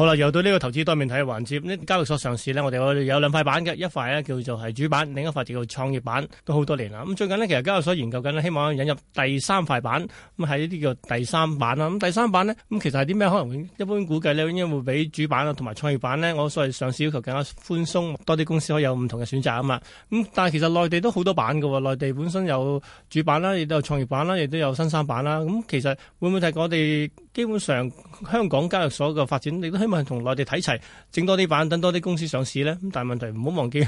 好啦，又到呢個投資多面睇嘅環節。呢交易所上市呢，我哋我有兩塊板嘅，一塊呢叫做係主板，另一塊就叫做創業板，都好多年啦。咁最近呢，其實交易所研究緊希望引入第三塊板，咁喺呢啲叫第三板啦。咁、嗯、第三板呢，咁、嗯、其實係啲咩？可能一般估計呢，應該會比主板啊同埋創業板呢。我所謂上市要求更加寬鬆，多啲公司可以有唔同嘅選擇啊嘛。咁、嗯、但係其實內地都好多板㗎喎。內地本身有主板啦，亦都有創業板啦，亦都有新三板啦。咁、嗯、其實會唔會係我哋基本上香港交易所嘅發展，咁同內地睇齊，整多啲板，等多啲公司上市咧。咁但係問題唔好忘記，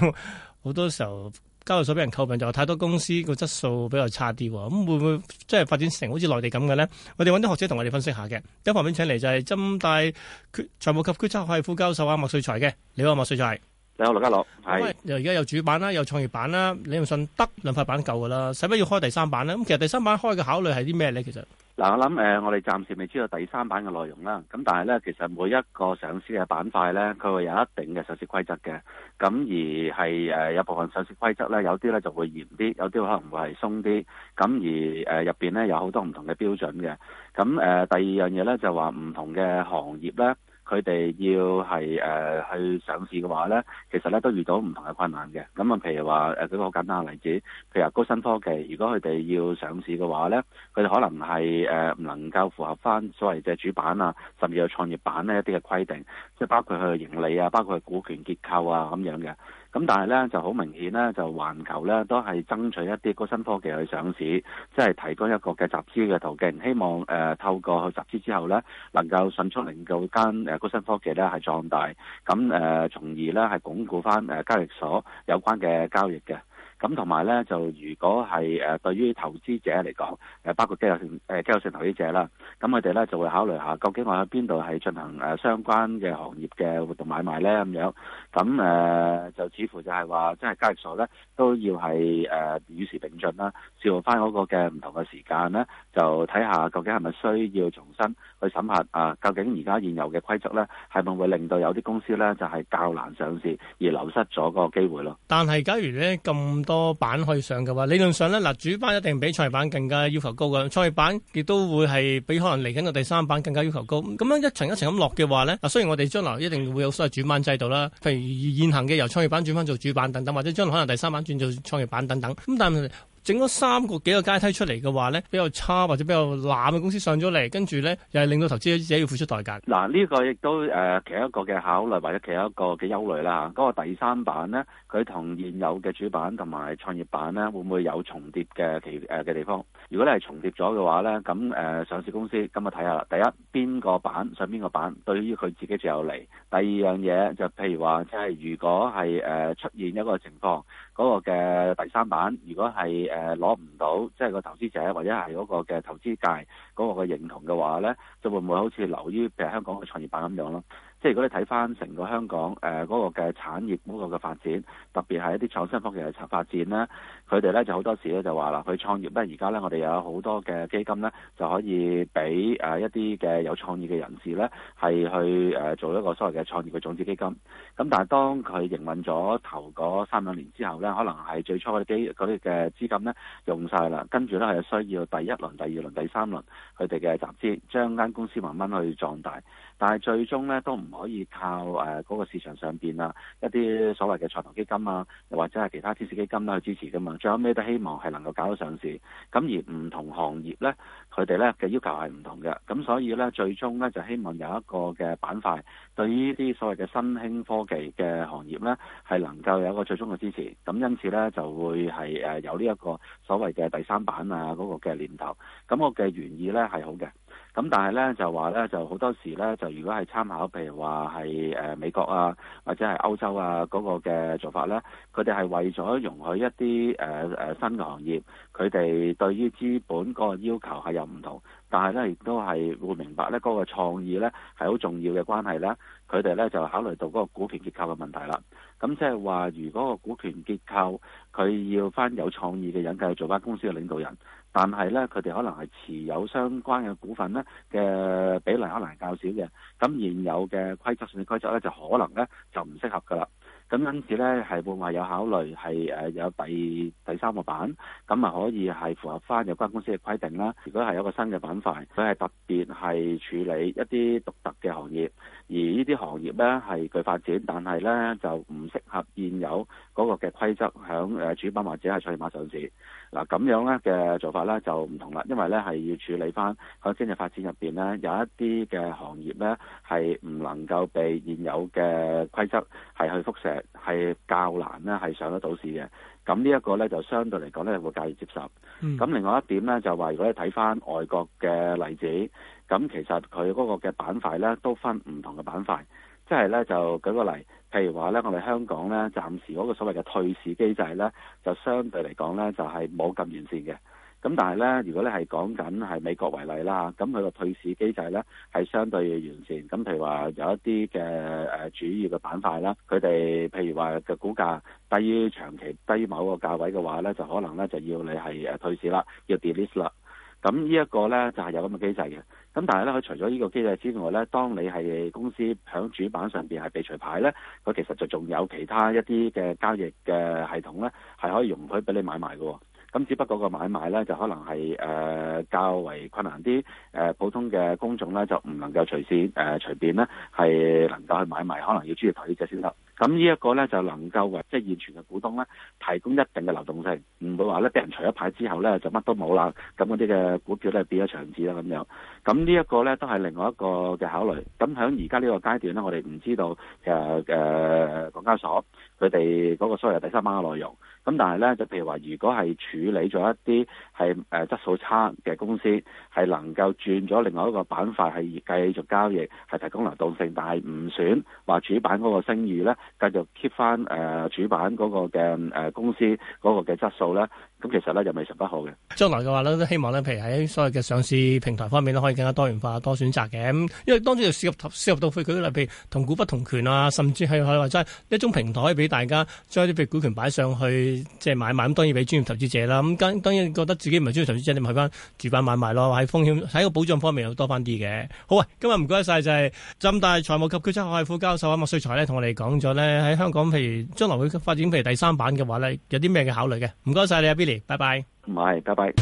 好多時候交易所俾人詬病就太多公司個質素比較差啲。咁會唔會即係發展成好似內地咁嘅咧？我哋搵啲學者同我哋分析下嘅。一旁邊請嚟就係浸大決財務及決策系副教授啊，麥萃才嘅。你好，麥萃才。你好，羅家樂。係。又而家有主板啦，有創業板啦，理論上得兩塊板夠噶啦，使乜要開第三板啦？咁其實第三板開嘅考慮係啲咩咧？其實？嗱、啊，我諗誒、呃，我哋暫時未知道第三板嘅內容啦。咁但係咧，其實每一個上市嘅板塊咧，佢會有一定嘅上市規則嘅。咁而係誒、呃，有部分上市規則咧，有啲咧就會嚴啲，有啲可能會係鬆啲。咁而誒，入邊咧有好多唔同嘅標準嘅。咁誒、呃，第二樣嘢咧就話唔同嘅行業咧。佢哋要係誒、呃、去上市嘅話咧，其實咧都遇到唔同嘅困難嘅。咁啊，譬如話誒，舉個好簡單嘅例子，譬如話高新科技，如果佢哋要上市嘅話咧，佢哋可能係誒唔能夠符合翻所謂嘅主板啊，甚至有創業板呢一啲嘅規定，即係包括佢嘅盈利啊，包括係股權結構啊咁樣嘅。咁但係咧就好明顯咧，就環球咧都係爭取一啲高新科技去上市，即係提供一個嘅集資嘅途徑，希望、呃、透過去集資之後咧，能夠迅速令到間高新科技咧係壯大，咁誒、呃、從而咧係鞏固翻交易所有關嘅交易嘅。咁同埋咧，就如果係誒對於投資者嚟講，包括機構性誒機構性投資者啦，咁佢哋咧就會考慮下，究竟我喺邊度係進行相關嘅行業嘅活動買賣咧咁樣。咁誒、呃、就似乎就係話，即係交易所咧都要係誒、呃、與時並進啦，召翻嗰個嘅唔同嘅時間咧，就睇下究竟係咪需要重新去審核啊？究竟而家現有嘅規則咧，係咪會令到有啲公司咧就係、是、較難上市，而流失咗個機會咯？但係假如咧咁多。多板可以上嘅話，理論上咧嗱，主板一定比創業板更加要求高嘅，創業板亦都會係比可能嚟緊嘅第三板更加要求高。咁樣一層一層咁落嘅話咧，嗱，雖然我哋將來一定會有所謂轉板制度啦，譬如現行嘅由創業板轉翻做主板等等，或者將來可能第三板轉做創業板等等，咁但係，整咗三個幾個階梯出嚟嘅話咧，比較差或者比較濫嘅公司上咗嚟，跟住咧又係令到投資者要付出代價。嗱，呢個亦都誒，其一個嘅考慮或者其一個嘅憂慮啦。嗰個第三板咧，佢同現有嘅主板同埋創業板咧，會唔會有重疊嘅其嘅、呃、地方？如果你係重疊咗嘅話咧，咁、呃、上市公司今日睇下啦。第一，邊個板上邊個板，對於佢自己最有利。第二樣嘢就是、譬如話，即、就、係、是、如果係、呃、出現一個情況，嗰、那個嘅第三板，如果係誒攞唔到，即係個投資者或者係嗰個嘅投資界嗰個嘅認同嘅話咧，就會唔會好似留於譬如香港嘅創業板咁樣咯？即係如果你睇翻成個香港誒嗰、呃嗰個嘅產業嗰個嘅發展，特別係一啲創新科技嘅發展呢，佢哋咧就好多時咧就話啦，佢創業，因為而家咧我哋有好多嘅基金咧，就可以俾誒一啲嘅有創意嘅人士咧，係去誒做一個所謂嘅創業嘅種子基金。咁但係當佢營運咗頭嗰三兩年之後咧，可能係最初嗰啲基啲嘅資金咧用晒啦，跟住咧係需要第一輪、第二輪、第三輪佢哋嘅集資，將間公司慢慢去壯大。但係最終咧都唔可以靠誒嗰個市場上邊啊一啲所謂嘅財投基金啊，又或者係其他天使基金啦去支持噶嘛，最後咩都希望係能夠搞到上市。咁而唔同行業咧，佢哋咧嘅要求係唔同嘅。咁所以咧，最終咧就希望有一個嘅板塊對呢啲所謂嘅新興科技嘅行業咧係能夠有一個最終嘅支持。咁因此咧就會係有呢一個所謂嘅第三板啊嗰個嘅念頭。咁我嘅原意咧係好嘅。咁但係咧就話咧就好多時咧就如果係參考譬如話係誒美國啊或者係歐洲啊嗰個嘅做法咧，佢哋係為咗容許一啲誒誒新嘅行業，佢哋對於資本嗰個要求係有唔同。但係咧，亦都係會明白咧，嗰個創意咧係好重要嘅關係咧。佢哋咧就考慮到嗰個股權結構嘅問題啦。咁即係話，如果個股權結構佢要翻有創意嘅人嚟做翻公司嘅領導人，但係咧佢哋可能係持有相關嘅股份咧嘅比例可能較少嘅。咁現有嘅規則性嘅規則咧，就可能咧就唔適合㗎啦。咁因此咧，係會話有考慮係有第第三個板，咁啊可以係符合翻有關公司嘅規定啦。如果係有個新嘅板塊，佢係特別係處理一啲獨特嘅行業，而呢啲行業咧係佢發展，但係咧就唔適合現有嗰個嘅規則響主板或者係創業板上市。嗱、啊、咁樣咧嘅做法咧就唔同啦，因為咧係要處理翻喺經濟發展入面咧有一啲嘅行業咧係唔能夠被現有嘅規則係去覆射。係較難咧，係上得到市嘅。咁呢一個咧，就相對嚟講咧，會較易接受。咁、嗯、另外一點咧，就話如果你睇翻外國嘅例子，咁其實佢嗰個嘅板塊咧，都分唔同嘅板塊。即係咧，就舉個例，譬如話咧，我哋香港咧，暫時嗰個所謂嘅退市機制咧，就相對嚟講咧，就係冇咁完善嘅。咁但係咧，如果咧係講緊係美國為例啦，咁佢個退市機制咧係相對完善。咁譬如話有一啲嘅、呃、主要嘅板塊啦，佢哋譬如話嘅股價低於長期低於某個價位嘅話咧，就可能咧就要你係退市啦，要 delist 啦。咁呢一個咧就係、是、有咁嘅機制嘅。咁但係咧，佢除咗呢個機制之外咧，當你係公司響主板上面係被除牌咧，佢其實就仲有其他一啲嘅交易嘅系統咧，係可以容許俾你買賣嘅。咁只不過個買賣咧就可能係誒、呃、較為困難啲，誒、呃、普通嘅公眾咧就唔能夠隨時、呃、隨便誒隨便咧係能夠去買賣，可能要專業投資者先得。咁呢一個咧就能夠為即係現存嘅股東咧，提供一定嘅流動性，唔會話咧俾人除咗牌之後咧就乜都冇啦，咁嗰啲嘅股票咧變咗張紙啦咁樣。咁呢一個咧都係另外一個嘅考慮。咁喺而家呢個階段咧，我哋唔知道誒誒、呃、港交所佢哋嗰個所謂第三板嘅內容。咁但係咧，就譬如話，如果係處理咗一啲係誒質素差嘅公司，係能夠轉咗另外一個板塊係繼續交易，係提供流動性，但係唔選話主板嗰個聲譽咧繼續 keep 翻誒、呃、主板嗰個嘅誒。呃公司嗰個嘅質素咧，咁其實咧又未十分好嘅。將來嘅話咧，都希望咧，譬如喺所謂嘅上市平台方面咧，可以更加多元化、多選擇嘅。咁因為當中又涉及涉及到譬如舉譬如同股不同權啊，甚至係話齋一種平台俾大家將啲嘅股權擺上去，即係買賣咁，當然俾專業投資者啦。咁跟當然覺得自己唔係專業投資者，你咪去翻主板買賣咯。喺風險喺個保障方面又多翻啲嘅。好啊，今日唔該晒，就係浸大財務及決策學系副教授麥萃才咧同我哋講咗咧，喺香港譬如將來會發展譬如第三板嘅話。有啲咩嘅考慮嘅？唔該晒你啊，Billy，拜拜。唔係，拜拜。